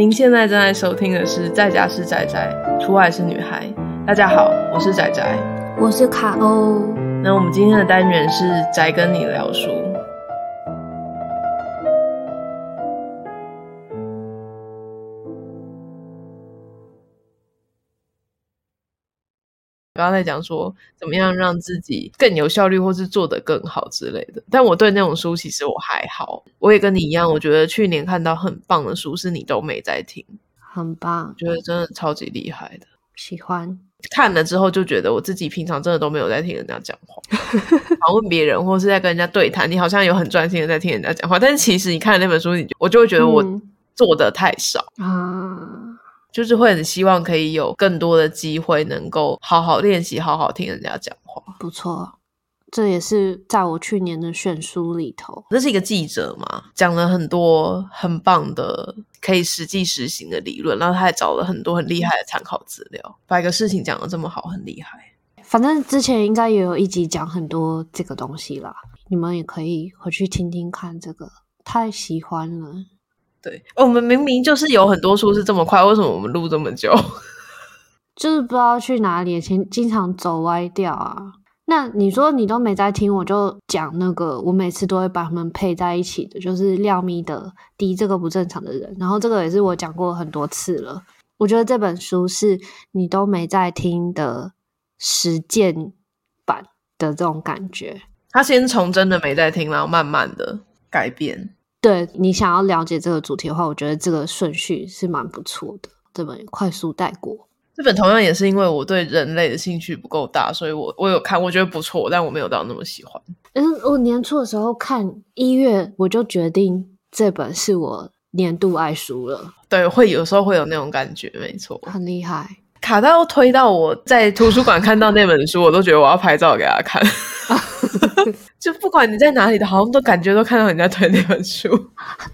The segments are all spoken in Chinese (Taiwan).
您現在正在收聽的是《在家是宅宅，出外是女孩》。大家好，我是宅宅，我是卡歐。那我們今天的單元是宅跟你聊書。在講說怎麼樣讓自己更有效率，或是做得更好之類的。但我對那種書其實我還好，我也跟你一樣，我覺得去年看到很棒的書，是你都沒在聽，很棒，覺得真的超級厲害的。喜歡看了之後就覺得我自己平常真的都沒有在聽人家講話，訪 問別人，或是在跟人家對談，你好像有很專心的在聽人家講話，但是其實你看了那本書，你我就會覺得我做的太少、嗯、啊。就是會很希望可以有更多的機會，能夠好好練習，好好聽人家講話。不錯，這也是在我去年的選書裡頭。那是一個記者嘛，講了很多很棒的可以實際實行的理論，然後他還找了很多很厲害的參考資料，把一個事情講得這麼好，很厲害。反正之前應該也有一集講很多這個東西啦，你們也可以回去聽聽看這個，太喜歡了。對、哦，我們明明就是有很多書是這麼快，為什麼我們錄這麼久？就是不知道去哪裡，經經常走歪掉啊。那你說你都沒在聽，我就講那個，我每次都會把他們配在一起的，就是廖咪的《滌這個不正常的人》，然後這個也是我講過很多次了。我覺得這本書是你都沒在聽的實踐版的這種感覺。他先從真的沒在聽，然後慢慢的改變。對，你想要了解這個主題的話，我覺得這個順序是蠻不錯的。這本快速帶過，這本同樣也是因為我對人類的興趣不夠大，所以我我有看，我覺得不錯，但我沒有到那麼喜歡。嗯，我年初的時候看一月，我就決定這本是我年度愛書了。對，會有時候會有那種感覺，沒錯，很厲害。卡歐推到我在圖書館看到那本書，我都覺得我要拍照給他看。 就不管你在哪裡的好像都感覺都看到人家推那本書，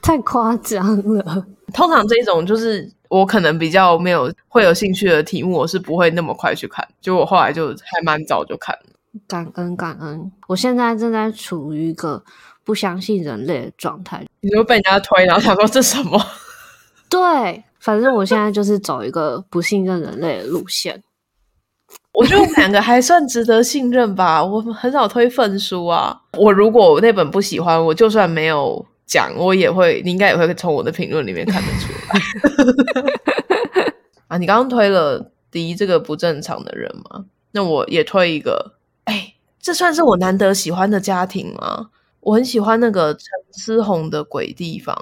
太誇張了。通常這種就是我可能比較沒有會有興趣的題目，我是不會那麼快去看。就我後來就還蠻早就看了，感恩感恩。我現在正在處於一個不相信人類的狀態，你會被人家推，然後想說這什麼？對，反正我現在就是走一個不信任人類的路線。 我覺得我們兩個還算值得信任吧。我很少推糞書啊。我如果那本不喜歡，我就算沒有講，我也會，你應該也會從我的評論裡面看得出來。 啊，你剛剛推了《滌》這個不正常的人嗎？那我也推一個。誒、欸、這算是我難得喜歡的家庭嗎？我很喜歡那個陳思宏的《鬼地方》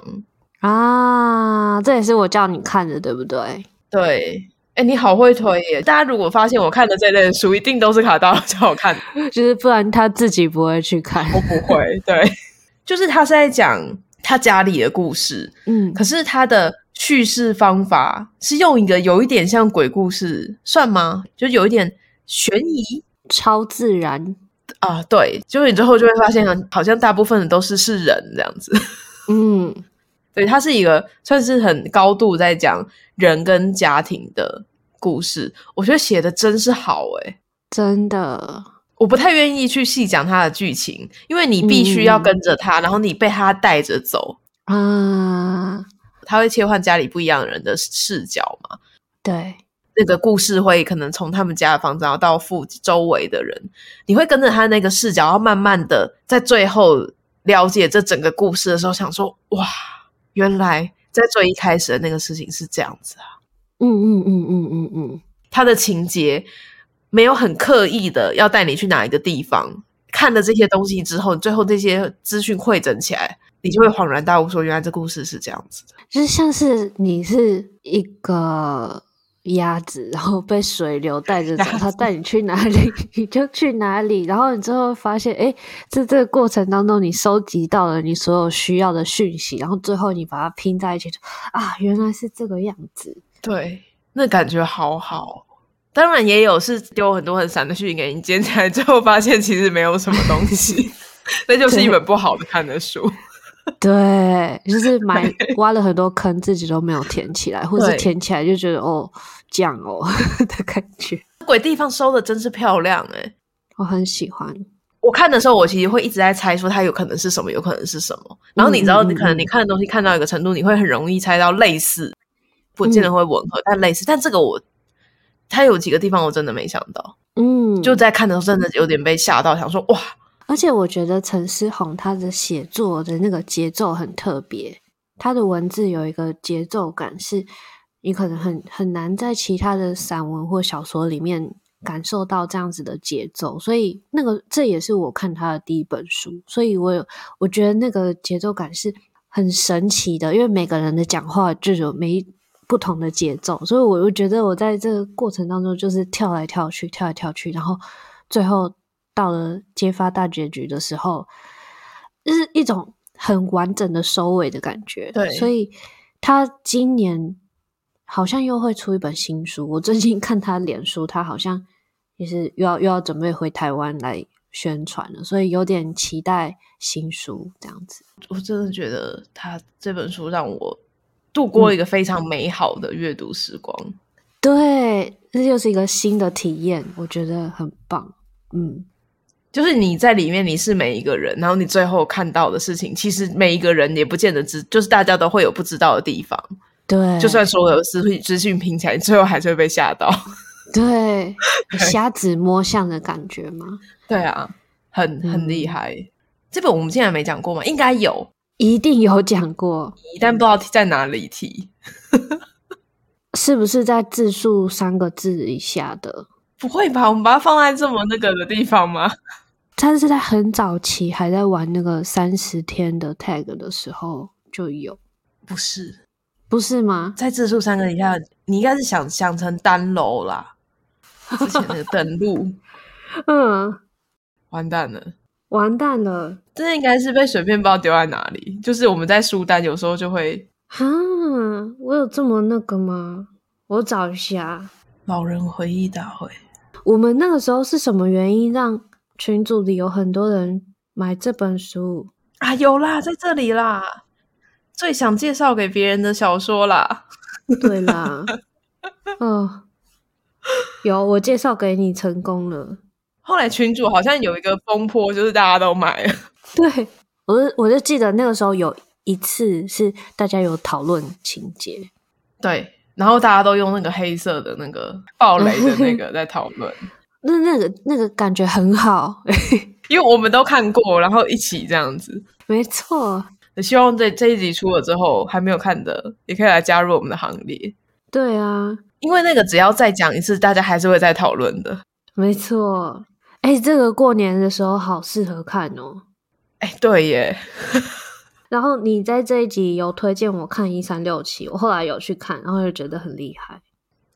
啊，這也是我叫你看的，對不對？對。哎、欸，你好會推耶！大家如果發現我看的這類書，一定都是卡歐就好看，就是不然他自己不會去看。我不會，對，就是他是在講他家裡的故事，嗯，可是他的敘事方法是用一個有一點像鬼故事，算嗎？就有一點懸疑、超自然啊、呃，對，就是你之後就會發現，好像大部分的都是是人這樣子，嗯。對，它是一個算是很高度在講人跟家庭的故事，我覺得寫的真是好哎、欸，真的，我不太願意去細講他的劇情，因為你必須要跟着他，嗯、然後你被他帶着走啊。他會切換家裡不一樣的人的視角嘛？對，那個故事會可能從他們家的房子，然後到附近周圍的人，你會跟着他那個視角，然後慢慢的在最後了解這整個故事的時候，想說哇。原來在最一開始的那個事情是這樣子啊！嗯嗯嗯嗯嗯嗯，他的情節沒有很刻意的要帶你去哪一個地方，看了這些東西之後，最後這些資訊匯整起來，你就會恍然大悟，說原來這故事是這樣子的，就是像是你是一個。鴨子，然後被水流帶着走，它帶你去哪裡你就去哪裡，然後你最後發現，哎，在這，這個過程當中你收集到了你所有需要的訊息，然後最後你把它拼在一起，啊，原來是這個樣子。對，那感覺好好。當然也有是丟很多很散的訊息，給你撿起來最後發現其實沒有什麼東西， 那就是一本不好的看的書。 對，就是買挖了很多坑， 自己都沒有填起來，或者是填起來就覺得哦，醬哦的感覺。鬼地方收得真是漂亮誒、欸、我很喜歡。我看的時候，我其實會一直在猜，說它有可能是什麼，有可能是什麼。嗯、然後你知道、嗯，你可能你看的東西看到一個程度，你會很容易猜到類似，不見得會吻合、嗯，但類似。但這個我，它有幾個地方我真的沒想到，嗯，就在看的時候真的有點被嚇到，嗯、想說哇。而且我覺得陳思宏他的寫作的那個節奏很特別，他的文字有一個節奏感，是你可能很很難在其他的散文或小說裡面感受到這樣子的節奏。所以那個這也是我看他的第一本書，所以我有，我覺得那個節奏感是很神奇的，因為每個人的講話就有沒不同的節奏，所以我又覺得我在這個過程當中就是跳來跳去，跳來跳去，然後最後。到了揭發大結局的時候，就是一種很完整的收尾的感覺。對，所以他今年好像又會出一本新書。我最近看他臉書，他好像也是又要又要準備回台灣來宣傳了，所以有點期待新書這樣子。我真的覺得他這本書讓我度過一個非常美好的閱讀時光。嗯，對，這就是一個新的體驗，我覺得很棒。嗯。就是你在裡面，你是每一個人，然後你最後看到的事情，其實每一個人也不見得知，就是大家都會有不知道的地方。對，就算所有資訊資訊拼起來，最後還是會被嚇到對。對，瞎子摸象的感覺嗎？對啊，很、嗯、很厲害。這本我們竟然沒講過嗎？應該有，一定有講過，但不知道在哪裡提。 是不是在字數三個字以下的？不會吧，我們把它放在這麼那個的地方嗎？但是在很早期還在玩那個三十天的 tag 的時候就有，不是，不是嗎？在自述三個，你看，嗯，你應該是想想成單樓啦， 之前的登錄， 嗯，完蛋了，完蛋了，這應該是被水片包丟在哪裡？就是我們在書單有時候就會，哈，我有這麼那個嗎？我找一下，老人回憶大會，我們那個時候是什麼原因讓？群組裡有很多人買這本書啊，有啦，在這裡啦，最想介紹給別人的小說啦，對啦， 嗯，有，我介紹給你成功了。後來群組好像有一個風波，就是大家都買了。對，我就我就記得那個時候有一次是大家有討論情節，對，然後大家都用那個黑色的那個暴雷的那個在討論。 那那個那個感覺很好， 因為我們都看過，然後一起這樣子，沒錯。希望這這一集出了之後，還沒有看的也可以來加入我們的行列。對啊，因為那個只要再講一次，大家還是會再討論的。沒錯，哎，這個過年的時候好適合看哦。哎，對耶。 然後你在這一集有推薦我看一三六七，我後來有去看，然後又覺得很厲害。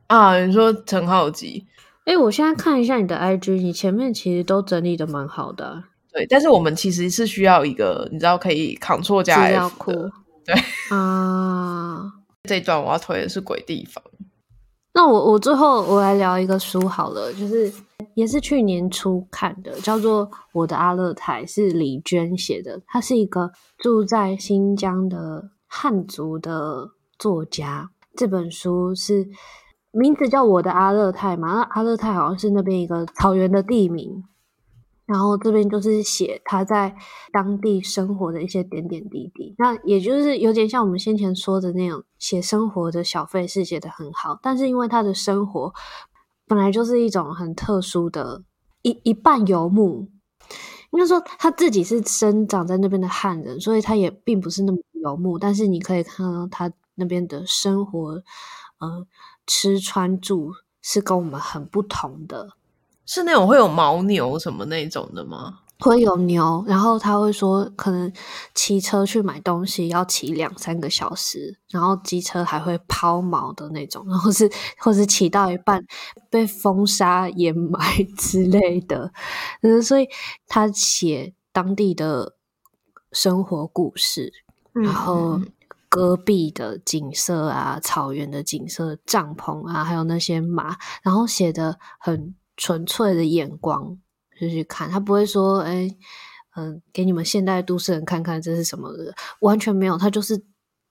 啊，你說陳浩基。哎、欸，我現在看一下你的 IG，你前面其實都整理得蠻好的，啊。對，但是我們其實是需要一個，你知道可以 Ctrl+F 的資料庫。對啊，這一段我要推的是《鬼地方》。那我我最後我來聊一個書好了，就是也是去年初看的，叫做《我的阿勒泰》，是李娟寫的。她是一個住在新疆的漢族的作家。這本書是，名字叫我的阿勒泰嘛，那阿阿勒泰好像是那邊一個草原的地名，然後這邊就是寫他在當地生活的一些點點滴滴。那也就是有點像我們先前說的那種寫生活的小敘事，寫得很好。但是因為他的生活本來就是一種很特殊的，一一半游牧。應該說他自己是生長在那邊的漢人，所以他也並不是那麼游牧。但是你可以看到他那邊的生活。嗯，吃穿住是跟我們很不同的。是那種會有犛牛什麼那種的嗎？會有牛，然後他會說，可能騎車去買東西要騎兩三個小時，然後機車還會拋錨的那種，然後是或者騎到一半被風沙掩埋之類的。嗯，所以他寫當地的生活故事，然後。嗯。戈壁的景色啊，草原的景色，帳篷啊，還有那些馬，然後寫的很純粹的眼光就去看，他不會說，哎、欸，嗯、呃，給你們現代都市人看看這是什麼的，完全沒有，他就是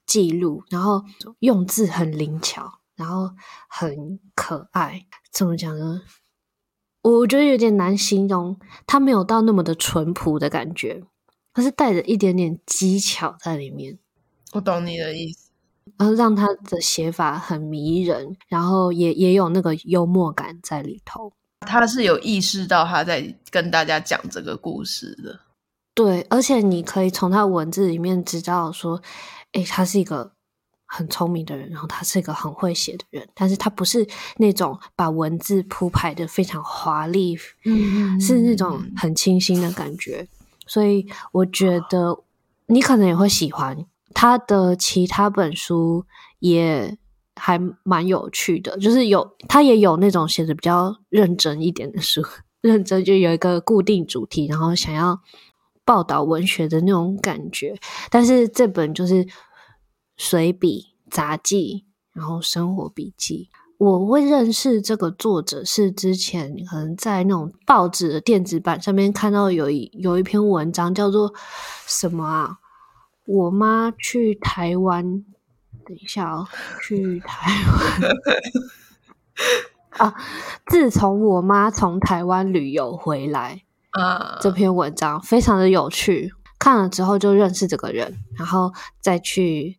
記錄，然後用字很靈巧，然後很可愛，怎麼講呢？我覺得有點難形容，他沒有到那麼的淳樸的感覺，他是帶着一點點技巧在裡面。我懂你的意思，然後讓他的寫法很迷人，然後也也有那個幽默感在裡頭。他是有意識到他在跟大家講這個故事的，對，而且你可以從他文字裡面知道說，哎，他是一個很聰明的人，然後他是一個很會寫的人，但是他不是那種把文字鋪排的非常華麗，嗯， 是那種很清新的感覺， 所以我覺得你可能也會喜歡。他的其他本書也還蠻有趣的，就是有他也有那種寫的比較認真一點的書，認真就有一個固定主題，然後想要報導文學的那種感覺。但是這本就是隨筆雜記，然後生活筆記。我會認識這個作者是之前可能在那種報紙的電子版上面看到有一有一篇文章叫做什麼啊？我媽去台灣，等一下哦，去台灣 啊！自從我媽從台灣旅遊回來，啊，這篇文章非常的有趣，看了之後就認識這個人，然後再去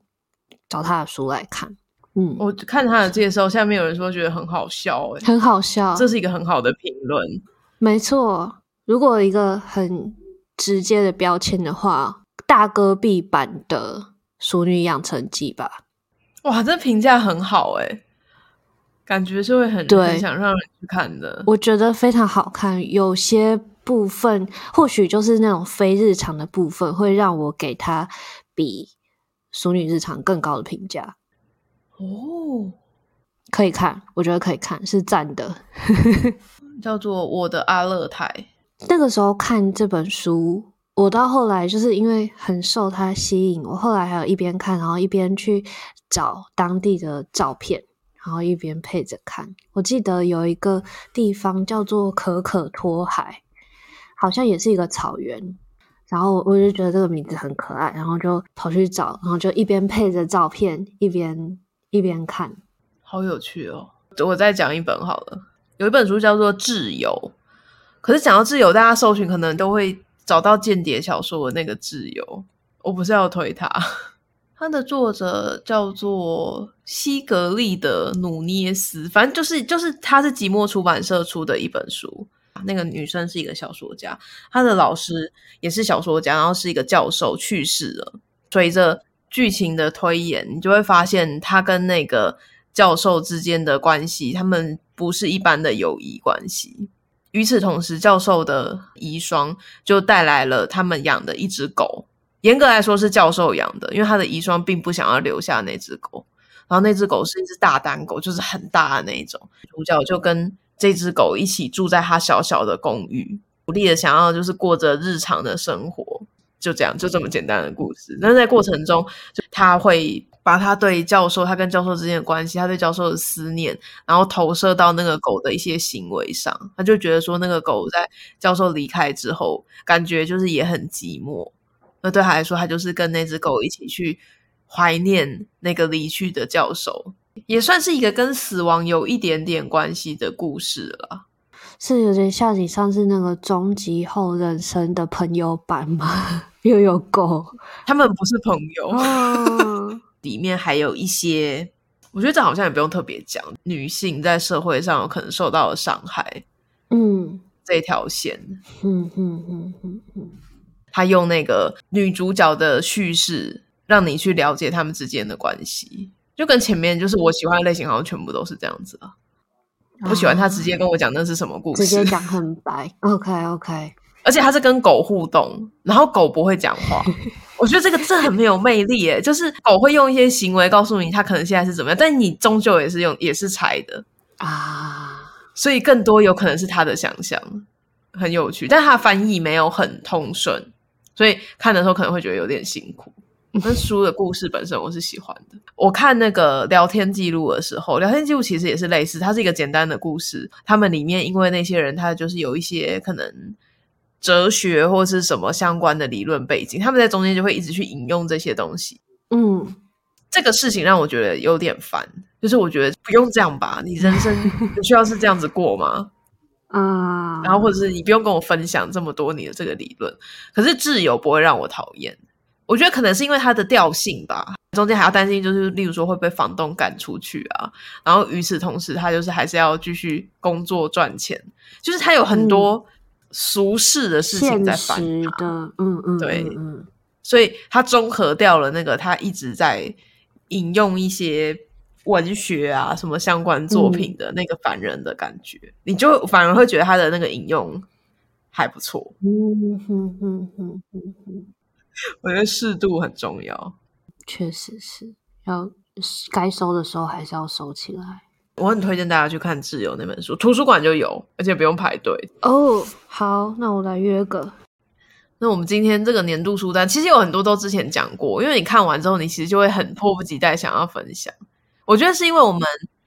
找他的書來看。嗯，我看他的介紹，下面有人說覺得很好笑，欸，很好笑，這是一個很好的評論。沒錯，如果一個很直接的標籤的話。大戈壁版的《淑女養成記》吧，哇，這評價很好哎，感覺是會很想讓人去看的。我覺得非常好看，有些部分或許就是那種非日常的部分，會讓我給它比《淑女日常》更高的評價。哦，可以看，我覺得可以看，是贊的，叫做《我的阿勒泰》。那個時候看這本書。我到後來就是因為很受它吸引，我後來還有一邊看，然後一邊去找當地的照片，然後一邊配着看。我記得有一個地方叫做可可托海，好像也是一個草原，然後我就覺得這個名字很可愛，然後就跑去找，然後就一邊配着照片，一邊一邊看，好有趣哦！等我再講一本好了，有一本書叫做《摯友》，可是講到摯友，大家搜尋可能都會。找到間諜小說的那個摯友，我不是要推他，他的作者叫做西格利德努涅斯。反正就是就是，他是寂寞出版社出的一本書。那個女生是一個小說家，她的老師也是小說家，然後是一個教授，去世了。隨着劇情的推演，你就會發現他跟那個教授之間的關係，他們不是一般的友誼關係。與此同時，教授的遺孀就帶來了他們養的一隻狗。嚴格來說是教授養的，因為他的遺孀並不想要留下那隻狗。然後那隻狗是一隻大丹狗，就是很大的那一種。主角就跟這隻狗一起住在他小小的公寓，努力的想要就是過着日常的生活。就這樣，就這麼簡單的故事。那在過程中，就他會。把他對教授，他跟教授之間的關係，他對教授的思念，然後投射到那個狗的一些行為上，他就覺得說那個狗在教授離開之後，感覺就是也很寂寞。那對他來說，他就是跟那隻狗一起去懷念那個離去的教授，也算是一個跟死亡有一點點關係的故事了。是有點像你上次那個《終極後人生》的朋友版嗎？ 又有狗，他們不是朋友。哦 裡面還有一些，我覺得這好像也不用特別講。女性在社會上有可能受到的傷害，嗯，這條線，嗯嗯嗯嗯，他、嗯嗯、用那個女主角的敘事，讓你去了解他們之間的關係，就跟前面就是我喜歡的類型，好像全部都是這樣子啊。嗯、我不喜歡他直接跟我講那是什麼故事，直接講很白，OK OK，而且他是跟狗互動，然後狗不會講話。 我覺得這個這很沒有魅力誒，就是我會用一些行為告訴你它可能現在是怎麼樣，但你終究也是用也是猜的啊，所以更多有可能是他的想象，很有趣，但他翻譯沒有很通順，所以看的時候可能會覺得有點辛苦。那書的故事本身我是喜歡的，我看那個聊天記錄的時候，聊天記錄其實也是類似，它是一個簡單的故事，他們裡面因為那些人他就是有一些可能。哲學或是什麼相關的理論背景，他們在中間就會一直去引用這些東西。嗯，這個事情讓我覺得有點煩，就是我覺得不用這樣吧，你人生需要是這樣子過嗎？啊、 嗯，然後或者是你不用跟我分享這麼多你的這個理論，可是摯友不會讓我討厭，我覺得可能是因為他的調性吧。中間還要擔心，就是例如說會被房東趕出去啊，然後與此同時，他就是還是要繼續工作賺錢，就是他有很多、嗯。俗世的事情在反，現實的，嗯嗯，對，嗯，嗯嗯，所以他綜合掉了那個他一直在引用一些文學啊什麼相關作品的那個凡人的感覺，嗯、你就反而會覺得他的那個引用還不錯。哼哼哼哼哼，我覺得適度很重要，確實是要該收的時候還是要收起來。我很推薦大家去看《摯友》那本書，圖書館就有，而且不用排隊。哦、oh,，好，那我來約一個。那我們今天這個年度書單，其實有很多都之前講過，因為你看完之後，你其實就會很迫不及待想要分享。我覺得是因為我們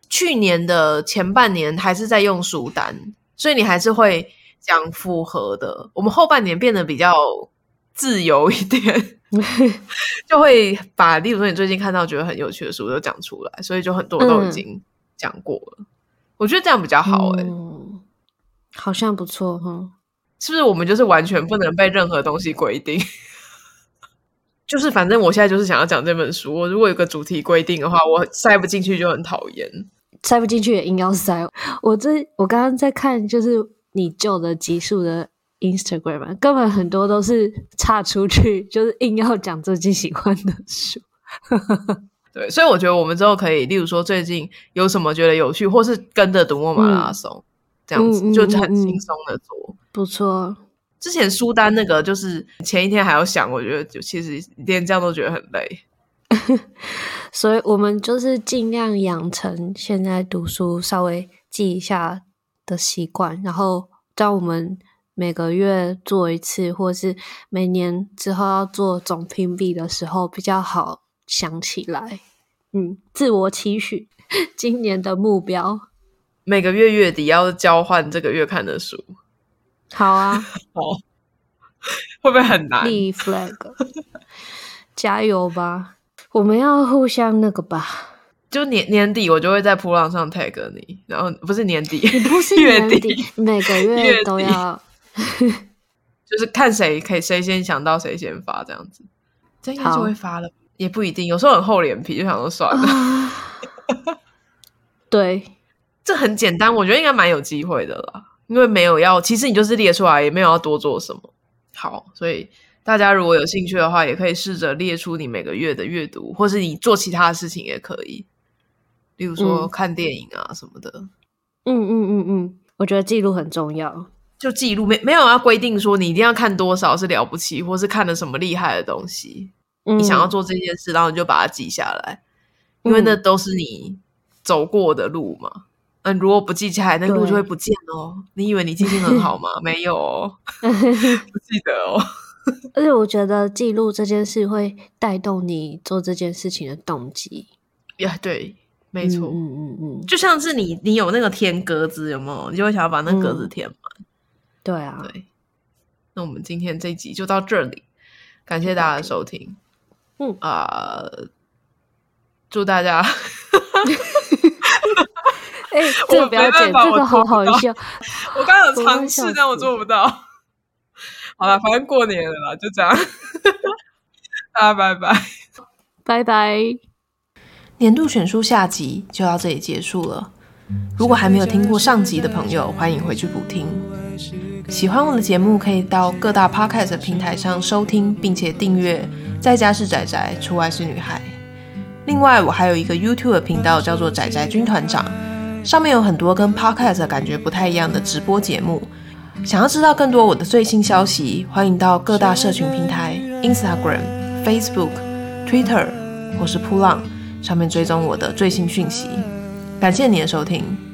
去年的前半年還是在用書單，所以你還是會講複合的。我們後半年變得比較自由一點， 就會把，例如說你最近看到覺得很有趣的書都講出來，所以就很多我都已經、嗯。講過了，我覺得這樣比較好。哎、欸嗯，好像不錯哈。是不是我們就是完全不能被任何東西規定？就是反正我現在就是想要講這本書。我如果有個主題規定的話，我塞不進去就很討厭。塞不進去也硬要塞。我這我剛剛在看，就是你舊的基數的 Instagram 根本很多都是岔出去，就是硬要講自己喜歡的書。 對，所以我覺得我們之後可以，例如說最近有什麼覺得有趣，或是跟着讀墨馬拉松、嗯、這樣子、嗯，就很輕鬆的做。不錯，之前書單那個就是前一天還要想，我覺得就其實連這樣都覺得很累。 所以我們就是盡量養成現在讀書稍微記一下的習慣，然後在我們每個月做一次，或是每年之後要做總評比的時候比較好想起來。嗯，自我期許，今年的目標，每個月月底要交換這個月看的書。好啊，好。 會不會很難？立 flag， 加油吧！我們要互相那個吧，就年年底我就會在噗浪上 tag 你，然後不是年底，不是年底 月底，每個月都要， 就是看誰可以，誰先想到誰先發這樣子，這樣應該就會發了。也不一定，有時候很厚臉皮，就想說算了。Uh, 對，這很簡單，我覺得應該蠻有機會的啦，因為沒有要，其實你就是列出來，也沒有要多做什麼。好，所以大家如果有興趣的話，也可以試着列出你每個月的閱讀，或是你做其他的事情也可以，比如說看電影啊什麼的。嗯嗯嗯嗯，我覺得記錄很重要。就記錄沒沒有要規定說你一定要看多少是了不起，或是看了什麼厲害的東西。你想要做這件事，嗯，然後你就把它記下來，因為那都是你走過的路嘛。嗯，呃、如果不記下來，那個路就會不見哦。你以為你記性很好嗎？ 沒有哦。 不記得哦。 而且我覺得記錄這件事會帶動你做這件事情的動機。呀，對，沒錯，嗯嗯嗯，就像是你，你有那個填格子，有沒有？你就會想要把那格子填滿，嗯。對啊，對。那我們今天這一集就到這裡，感謝大家的收聽。嗯啊！Uh, 祝大家！哎、 欸，這個不要剪，這個好好笑。我剛剛有嘗試， 但我做不到。好啦，反正過年了啦，就這樣。哈，大家拜拜，拜拜！年度選書下集就到這裡結束了。如果還沒有聽過上集的朋友，歡迎回去補聽。喜歡我的節目，可以到各大 Podcast 平台上收聽，並且訂閱。在家是宅宅，出外是女孩。另外，我還有一個 YouTube 的頻道，叫做宅宅軍團長，上面有很多跟 Podcast 感覺不太一樣的直播節目。想要知道更多我的最新消息，歡迎到各大社群平台 Instagram、Facebook、Twitter 或是噗浪上面追蹤我的最新訊息。感謝你的收聽。